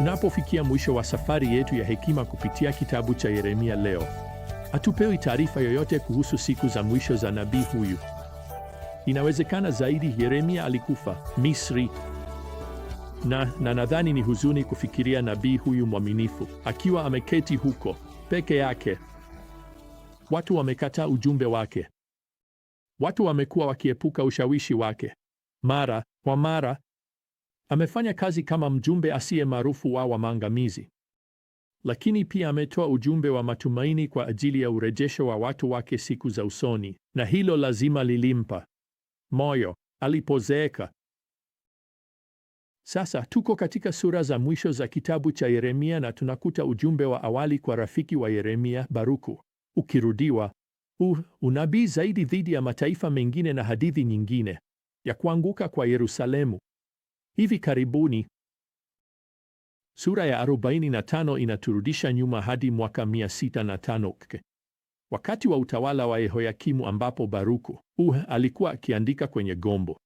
Tunapofikia mwisho wa safari yetu ya hekima kupitia kitabu cha Yeremia leo, hatupewi taarifa yoyote kuhusu siku za mwisho za nabii huyu. Inawezekana zaidi Yeremia alikufa Misri, na na nadhani ni huzuni kufikiria nabii huyu mwaminifu akiwa ameketi huko peke yake. Watu wamekataa ujumbe wake. Watu wamekuwa wakiepuka ushawishi wake mara kwa mara. Amefanya kazi kama mjumbe asiye maarufu wa maangamizi lakini pia ametoa ujumbe wa matumaini kwa ajili ya urejesho wa watu wake siku za usoni, na hilo lazima lilimpa moyo alipozeeka. Sasa tuko katika sura za mwisho za kitabu cha Yeremia na tunakuta ujumbe wa awali kwa rafiki wa Yeremia Baruku ukirudiwa u uh, unabii zaidi dhidi ya mataifa mengine na hadithi nyingine ya kuanguka kwa Yerusalemu hivi karibuni. Sura ya 45 inaturudisha nyuma hadi mwaka 605 wakati wa utawala wa Yehoyakimu, ambapo Baruku uh, alikuwa akiandika kwenye gombo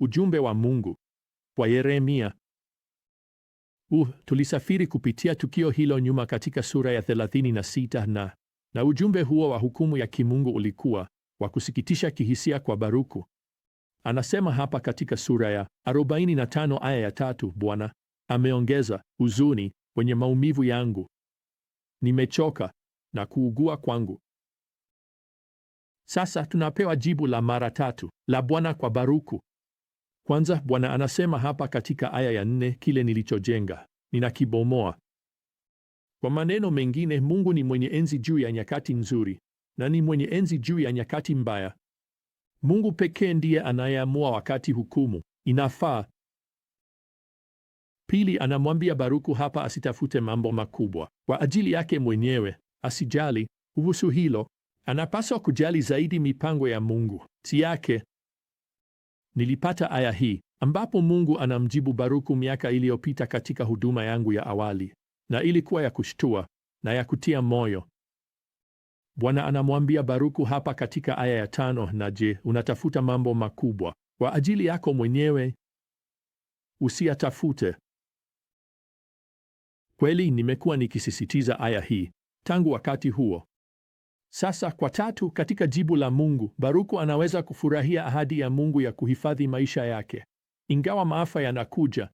ujumbe wa Mungu kwa Yeremia. Uh, tulisafiri kupitia tukio hilo nyuma katika sura ya 36 na na ujumbe huo wa hukumu ya kimungu ulikuwa wa kusikitisha kihisia kwa Baruku Anasema hapa katika sura ya 45 aya ya tatu, Bwana ameongeza huzuni kwenye maumivu yangu, nimechoka na kuugua kwangu. Sasa tunapewa jibu la mara tatu la Bwana kwa Baruku. Kwanza, Bwana anasema hapa katika aya ya nne, kile nilichojenga ninakibomoa. Kwa maneno mengine, Mungu ni mwenye enzi juu ya nyakati nzuri na ni mwenye enzi juu ya nyakati mbaya. Mungu pekee ndiye anayeamua wakati hukumu inafaa. Pili, anamwambia Baruku hapa asitafute mambo makubwa kwa ajili yake mwenyewe, asijali kuhusu hilo. Anapaswa kujali zaidi mipango ya Mungu, si yake. Nilipata aya hii ambapo Mungu anamjibu Baruku miaka iliyopita katika huduma yangu ya awali, na ilikuwa ya kushtua na ya kutia moyo. Bwana anamwambia Baruku hapa katika aya ya tano, na je, unatafuta mambo makubwa kwa ajili yako mwenyewe? Usiyatafute. Kweli nimekuwa nikisisitiza aya hii tangu wakati huo. Sasa kwa tatu, katika jibu la Mungu, Baruku anaweza kufurahia ahadi ya Mungu ya kuhifadhi maisha yake ingawa maafa yanakuja.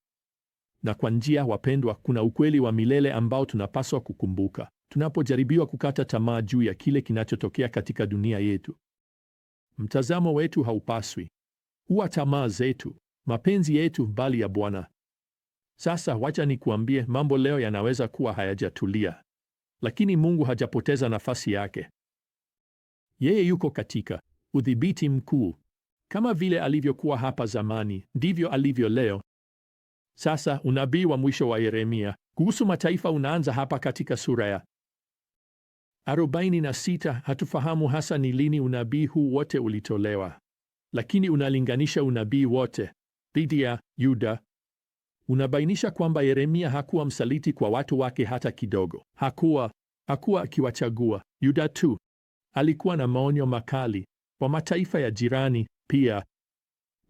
Na kwa njia, wapendwa, kuna ukweli wa milele ambao tunapaswa kukumbuka tunapojaribiwa kukata tamaa juu ya kile kinachotokea katika dunia yetu. Mtazamo wetu haupaswi huwa tamaa zetu, mapenzi yetu, bali ya Bwana. Sasa wacha nikuambie, mambo leo yanaweza kuwa hayajatulia, lakini Mungu hajapoteza nafasi yake. Yeye yuko katika udhibiti mkuu. Kama vile alivyokuwa hapa zamani, ndivyo alivyo leo. Sasa unabii wa mwisho wa Yeremia kuhusu mataifa unaanza hapa katika sura ya arobaini na sita. Hatufahamu hasa ni lini unabii huu wote ulitolewa, lakini unalinganisha unabii wote dhidi ya Yuda. Unabainisha kwamba Yeremia hakuwa msaliti kwa watu wake hata kidogo. Hakuwa hakuwa akiwachagua Yuda tu, alikuwa na maonyo makali kwa mataifa ya jirani pia.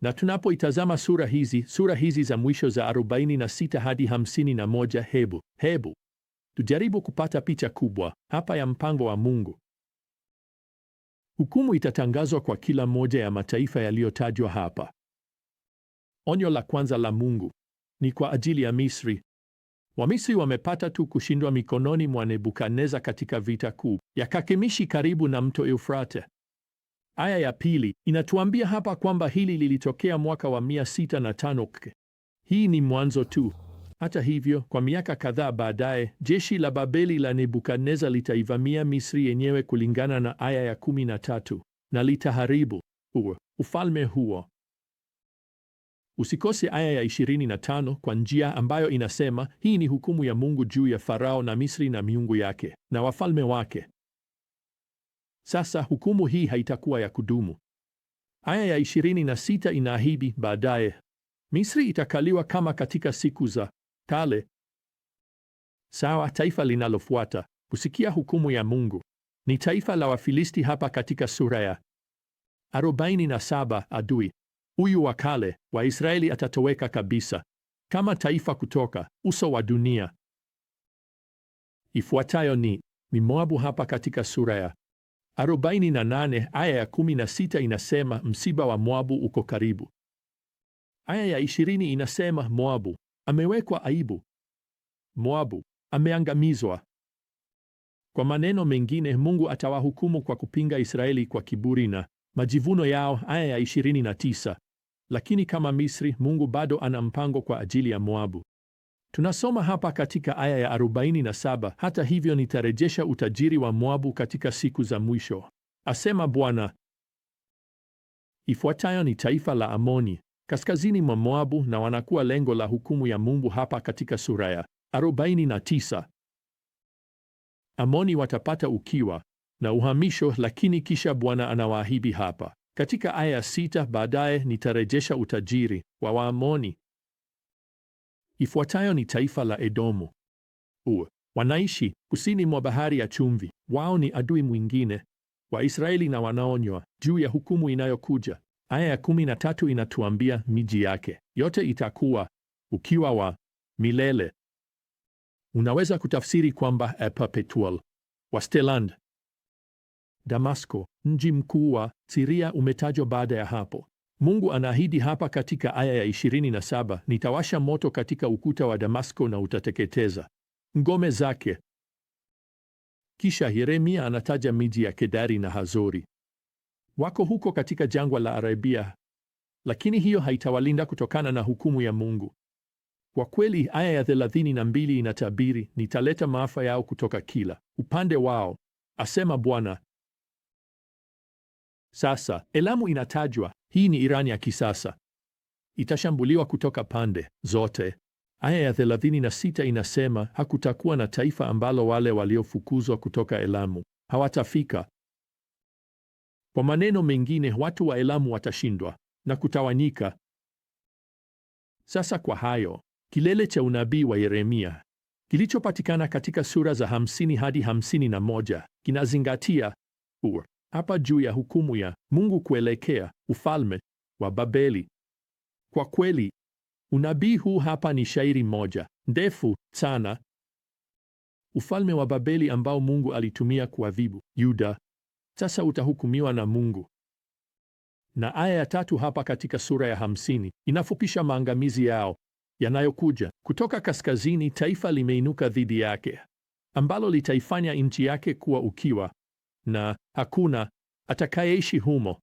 Na tunapoitazama sura hizi sura hizi za mwisho za 46 hadi 51, hebu hebu Tujaribu kupata picha kubwa hapa ya mpango wa Mungu. Hukumu itatangazwa kwa kila moja ya mataifa yaliyotajwa hapa. Onyo la kwanza la Mungu ni kwa ajili ya Misri. Wamisri wamepata tu kushindwa mikononi mwa Nebukadneza katika vita kuu ya Kakemishi karibu na mto Eufrate. Aya ya pili inatuambia hapa kwamba hili lilitokea mwaka wa 605. Hii ni mwanzo tu. Hata hivyo, kwa miaka kadhaa baadaye, jeshi la Babeli la Nebukadneza litaivamia Misri yenyewe kulingana na aya ya kumi na tatu na litaharibu u ufalme huo. Usikose aya ya 25 kwa njia ambayo inasema, hii ni hukumu ya Mungu juu ya Farao na Misri na miungu yake na wafalme wake. Sasa hukumu hii haitakuwa ya kudumu. Aya ya 26 inaahidi baadaye Misri itakaliwa kama katika siku za kale. Sawa, taifa linalofuata kusikia hukumu ya Mungu ni taifa la Wafilisti hapa katika sura ya 47. Adui huyu wa kale wa Israeli atatoweka kabisa kama taifa kutoka uso wa dunia. Ifuatayo ni Moabu hapa katika sura ya 48 aya ya 16 inasema msiba wa Moabu uko karibu. Aya ya 20 inasema Moabu amewekwa aibu. Moabu ameangamizwa. Kwa maneno mengine, Mungu atawahukumu kwa kupinga Israeli kwa kiburi na majivuno yao, aya ya 29. Lakini kama Misri, Mungu bado ana mpango kwa ajili ya Moabu. Tunasoma hapa katika aya ya 47, hata hivyo nitarejesha utajiri wa Moabu katika siku za mwisho, asema Bwana. Ifuatayo ni taifa la Amoni kaskazini mwa Moabu na wanakuwa lengo la hukumu ya Mungu hapa katika sura ya 49. Amoni watapata ukiwa na uhamisho, lakini kisha Bwana anawaahidi hapa katika aya ya sita, baadaye nitarejesha utajiri wa Waamoni. Ifuatayo ni taifa la Edomu. U, wanaishi kusini mwa bahari ya chumvi. Wao ni adui mwingine wa Israeli na wanaonywa juu ya hukumu inayokuja. Aya ya kumi na tatu inatuambia miji yake yote itakuwa ukiwa wa milele. Unaweza kutafsiri kwamba a perpetual wasteland. Damasko, mji mkuu wa Siria, umetajwa baada ya hapo. Mungu anaahidi hapa katika aya ya 27, nitawasha moto katika ukuta wa Damasko na utateketeza ngome zake. Kisha Yeremia anataja miji ya Kedari na Hazori Wako huko katika jangwa la Arabia, lakini hiyo haitawalinda kutokana na hukumu ya Mungu. Kwa kweli, aya ya thelathini na mbili inatabiri, nitaleta maafa yao kutoka kila upande wao, asema Bwana. Sasa Elamu inatajwa. Hii ni Irani ya kisasa, itashambuliwa kutoka pande zote. Aya ya sita inasema, hakutakuwa na taifa ambalo wale waliofukuzwa kutoka Elamu hawatafika. Kwa maneno mengine, watu wa Elamu watashindwa na kutawanyika. Sasa kwa hayo, kilele cha unabii wa Yeremia kilichopatikana katika sura za 50 hadi 51 kinazingatia ur hapa juu ya hukumu ya Mungu kuelekea ufalme wa Babeli. Kwa kweli, unabii huu hapa ni shairi moja ndefu sana. Ufalme wa Babeli ambao Mungu alitumia kuadhibu Yuda sasa utahukumiwa na Mungu. Na aya ya tatu hapa katika sura ya hamsini inafupisha maangamizi yao yanayokuja kutoka kaskazini. Taifa limeinuka dhidi yake ambalo litaifanya nchi yake kuwa ukiwa, na hakuna atakayeishi humo,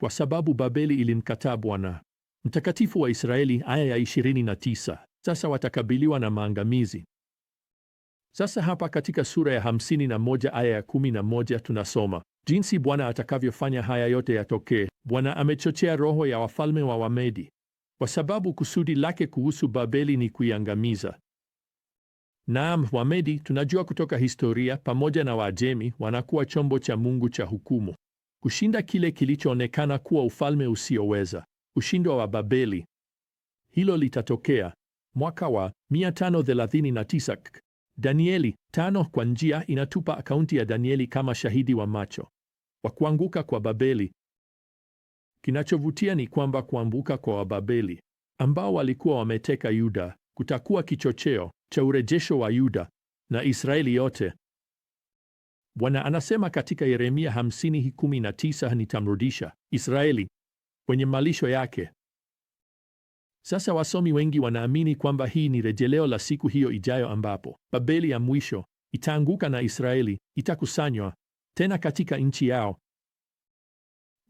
kwa sababu Babeli ilimkataa Bwana mtakatifu wa Israeli. Aya ya 29. Sasa watakabiliwa na maangamizi sasa hapa katika sura ya hamsini na moja aya ya kumi na moja tunasoma jinsi Bwana atakavyofanya haya yote yatokee. Bwana amechochea roho ya wafalme wa Wamedi kwa sababu kusudi lake kuhusu Babeli ni kuiangamiza. Naam, Wamedi tunajua kutoka historia, pamoja na Waajemi, wanakuwa chombo cha Mungu cha hukumu kushinda kile kilichoonekana kuwa ufalme usioweza ushindwa wa Babeli. Hilo litatokea mwaka wa 539 Danieli tano kwa njia inatupa akaunti ya Danieli kama shahidi wa macho wa kuanguka kwa Babeli. Kinachovutia ni kwamba kuanguka kwa Wababeli ambao walikuwa wameteka Yuda kutakuwa kichocheo cha urejesho wa Yuda na Israeli yote. Bwana anasema katika Yeremia 50:19, nitamrudisha Israeli kwenye malisho yake sasa wasomi wengi wanaamini kwamba hii ni rejeleo la siku hiyo ijayo ambapo Babeli ya mwisho itaanguka na Israeli itakusanywa tena katika nchi yao.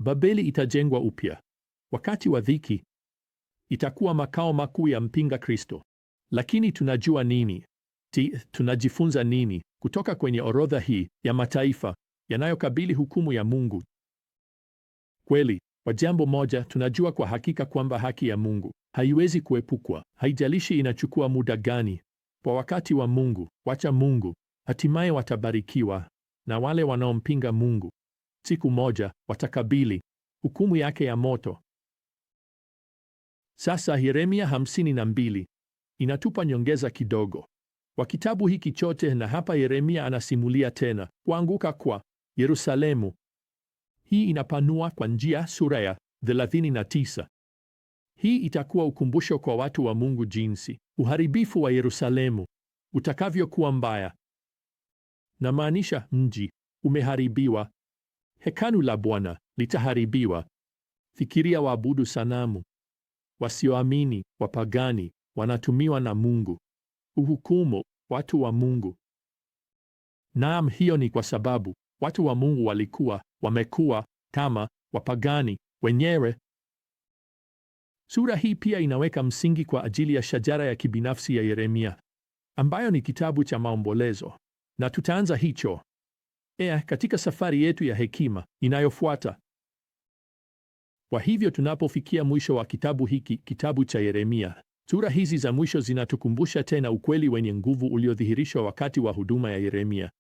Babeli itajengwa upya wakati wa dhiki, itakuwa makao makuu ya mpinga Kristo. Lakini tunajua nini? Ti, tunajifunza nini kutoka kwenye orodha hii ya mataifa yanayokabili hukumu ya Mungu? Kweli, kwa jambo moja tunajua kwa hakika kwamba haki ya Mungu haiwezi kuepukwa, haijalishi inachukua muda gani. Kwa wakati wa Mungu, wacha Mungu, hatimaye watabarikiwa, na wale wanaompinga Mungu siku moja watakabili hukumu yake ya moto. Sasa Yeremia 52 inatupa nyongeza kidogo kwa kitabu hiki chote, na hapa Yeremia anasimulia tena kuanguka kwa Yerusalemu. Hii inapanua kwa njia sura ya 39 hii itakuwa ukumbusho kwa watu wa Mungu jinsi uharibifu wa Yerusalemu utakavyokuwa mbaya. Namaanisha mji umeharibiwa, hekalu la Bwana litaharibiwa. Fikiria waabudu sanamu, wasioamini, wapagani, wanatumiwa na Mungu uhukumu watu wa Mungu. Naam, hiyo ni kwa sababu watu wa Mungu walikuwa wamekuwa kama wapagani wenyewe Sura hii pia inaweka msingi kwa ajili ya shajara ya kibinafsi ya Yeremia ambayo ni kitabu cha maombolezo, na tutaanza hicho ea katika safari yetu ya hekima inayofuata. Kwa hivyo tunapofikia mwisho wa kitabu hiki, kitabu cha Yeremia, sura hizi za mwisho zinatukumbusha tena ukweli wenye nguvu uliodhihirishwa wakati wa huduma ya Yeremia.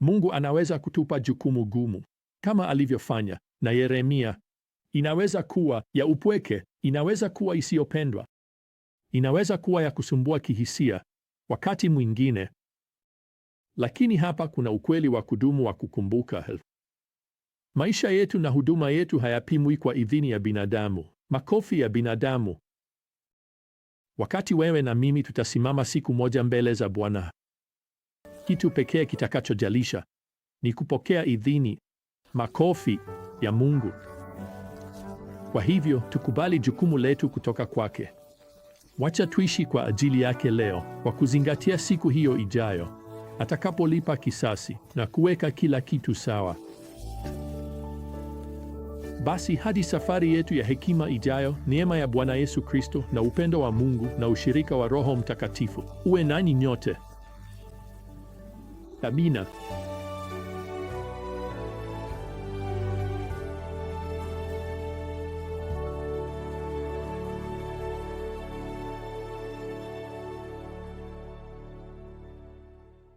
Mungu anaweza kutupa jukumu gumu kama alivyofanya na Yeremia inaweza kuwa ya upweke, inaweza kuwa isiyopendwa, inaweza kuwa ya kusumbua kihisia wakati mwingine. Lakini hapa kuna ukweli wa kudumu wa kukumbuka: maisha yetu na huduma yetu hayapimwi kwa idhini ya binadamu, makofi ya binadamu. Wakati wewe na mimi tutasimama siku moja mbele za Bwana, kitu pekee kitakachojalisha ni kupokea idhini, makofi ya Mungu. Kwa hivyo tukubali jukumu letu kutoka kwake. Wacha tuishi kwa ajili yake leo kwa kuzingatia siku hiyo ijayo atakapolipa kisasi na kuweka kila kitu sawa. Basi hadi safari yetu ya hekima ijayo, neema ya Bwana Yesu Kristo na upendo wa Mungu na ushirika wa Roho Mtakatifu uwe nani nyote. Amina.